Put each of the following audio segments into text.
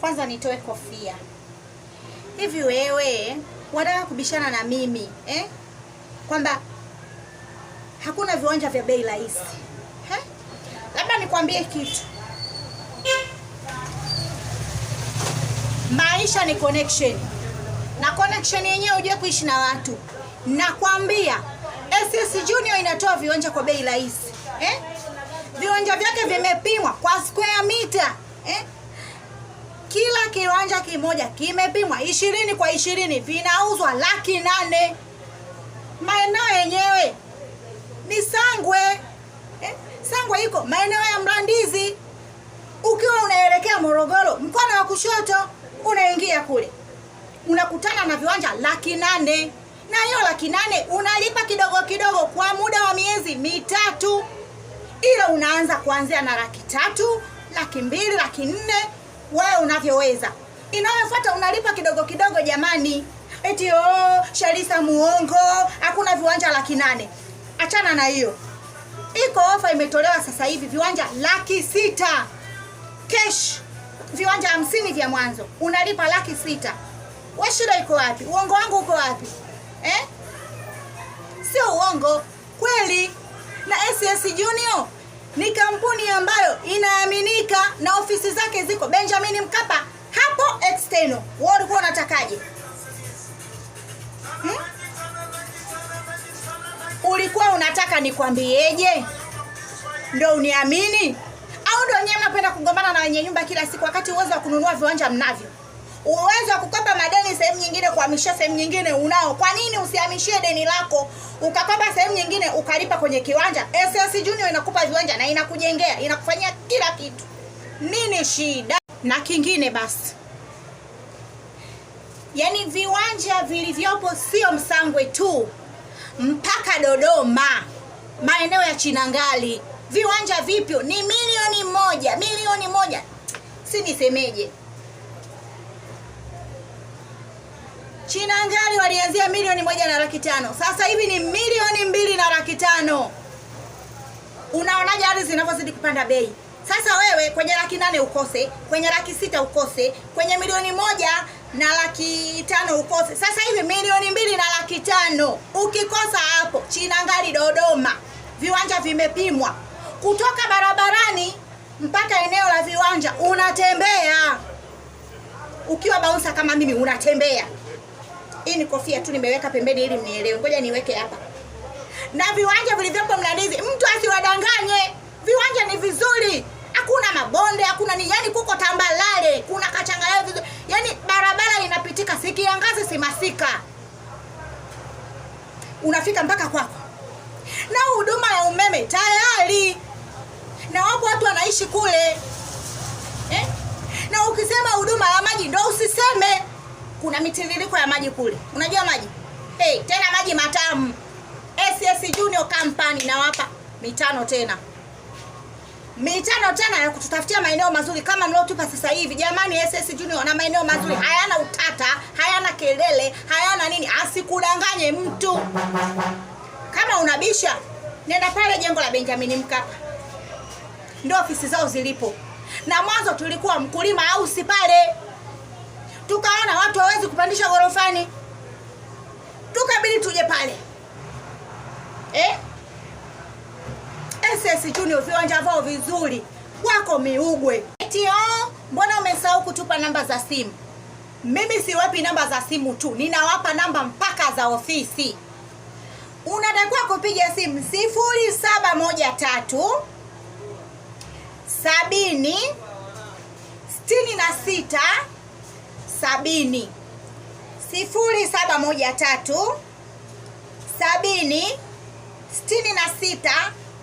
Kwanza nitoe kofia. Hivi wewe wataka kubishana na mimi eh? Kwamba hakuna viwanja vya bei rahisi eh? Labda nikwambie kitu, maisha ni connection, na connection yenyewe ujue kuishi na watu. Nakwambia SS Junior inatoa viwanja kwa bei rahisi eh? Viwanja vyake vimepimwa kwa square meter eh? Kila kiwanja kimoja kimepimwa ishirini kwa ishirini vinauzwa laki nane. Maeneo yenyewe ni Sangwe eh, Sangwe iko maeneo ya Mlandizi. Ukiwa unaelekea Morogoro mkono wa kushoto, unaingia kule unakutana na viwanja laki nane, na hiyo laki nane unalipa kidogo kidogo kwa muda wa miezi mitatu, ila unaanza kuanzia na laki tatu, laki mbili, laki nne wewe unavyoweza. Inayofuata unalipa kidogo kidogo, jamani. Eti oh, Sharisa muongo, hakuna viwanja laki nane. Achana na hiyo. Iko ofa imetolewa sasa hivi, viwanja laki sita cash, viwanja hamsini vya mwanzo unalipa laki sita. We, shida iko wapi? Uongo wangu uko wapi eh? Sio uongo, kweli. Na SS Junior ni kampuni ambayo inaaminika na ofisi zake ziko Benjamin Mkapa hapo external. Wewe ulikuwa unatakaje? Hmm? Ulikuwa unataka nikwambieje? Ndio uniamini au ndio wenyewe mnapenda kugombana na wenye nyumba kila siku, wakati uwezo wa kununua viwanja mnavyo, uwezo wa kukopa madeni sehemu nyingine, kuhamishia sehemu nyingine unao. Kwa nini usihamishie deni lako ukakopa sehemu nyingine ukalipa kwenye kiwanja? SS Junior inakupa viwanja na inakujengea, inakufanyia kila kitu. Nini shida? na kingine basi, yaani viwanja vilivyopo sio Msangwe tu, mpaka Dodoma maeneo ya Chinangali viwanja vipyo ni milioni moja, milioni moja, si nisemeje? Chinangali walianzia milioni moja na laki tano sasa hivi ni milioni mbili na laki tano Unaonaje ardhi zinavyozidi kupanda bei? Sasa wewe kwenye laki nane ukose, kwenye laki sita ukose, kwenye milioni moja na laki tano ukose. Sasa hivi milioni mbili na laki tano ukikosa hapo, Chinangali Dodoma, viwanja vimepimwa kutoka barabarani mpaka eneo la viwanja, unatembea ukiwa bouncer kama mimi, unatembea. Hii ni kofia tu nimeweka pembeni ili mnielewe, ngoja niweke hapa. Na viwanja vilivyopo Mlandizi, mtu asiwadanganye, viwanja ni vizuri hakuna mabonde, hakuna ni yani, kuko tambalale, kuna kachangalawe vizuri, yani barabara inapitika, sikiangazi simasika unafika mpaka kwako na huduma ya umeme tayari, na wapo watu wanaishi kule eh? Na ukisema huduma ya maji ndo usiseme, kuna mitiririko ya maji kule, unajua maji hey, tena maji matamu. SS Junior Company nawapa mitano tena mitano tena ya kututafutia maeneo mazuri kama mliotupa sasa hivi. Jamani, SS Junior na maeneo mazuri hayana utata, hayana kelele, hayana nini. Asikudanganye mtu. Kama unabisha, nenda pale jengo la Benjamin Mkapa, ndio ofisi zao zilipo. Na mwanzo tulikuwa mkulima au si pale, tukaona watu hawezi kupandisha ghorofani, tukabidi tuje pale eh? SS Junior viwanja vyao vizuri, wako miugwe. Eti oh, mbona umesahau kutupa namba za simu? Mimi siwapi namba za simu tu, ninawapa namba mpaka za ofisi. Unatakiwa kupiga simu sifuri saba moja tatu sabini sitini na sita sabini sifuri saba moja tatu sabini sitini na sita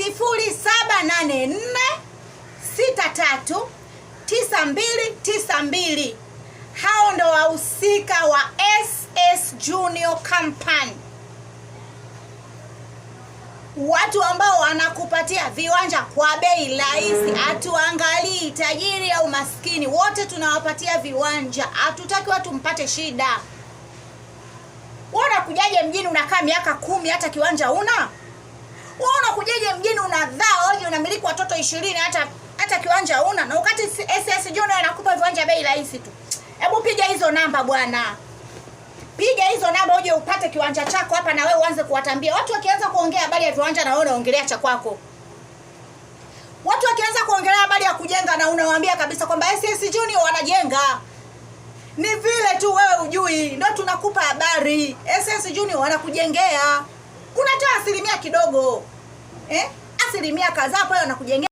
0784639292. Hao ndo wahusika wa SS Junior Company, watu ambao wanakupatia viwanja kwa bei rahisi. Hatuangalii tajiri au maskini, wote tunawapatia viwanja. Hatutaki watu mpate shida. Wewe unakujaje mjini unakaa miaka kumi hata kiwanja una wewe unakujaje mjini unadhaa hoje unamiliki watoto 20 hata hata kiwanja una na wakati SS John anakupa viwanja bei rahisi tu. Hebu piga hizo namba bwana. Piga hizo namba uje upate kiwanja chako hapa na wewe uanze kuwatambia. Watu wakianza kuongea habari ya viwanja na wewe unaongelea cha kwako. Watu wakianza kuongelea habari ya kujenga na unawaambia kabisa kwamba SS Junior wanajenga. Ni vile tu wewe ujui, ndio tunakupa habari. SS Junior wanakujengea unatoa asilimia kidogo eh? asilimia kadhaa pale wanakujengea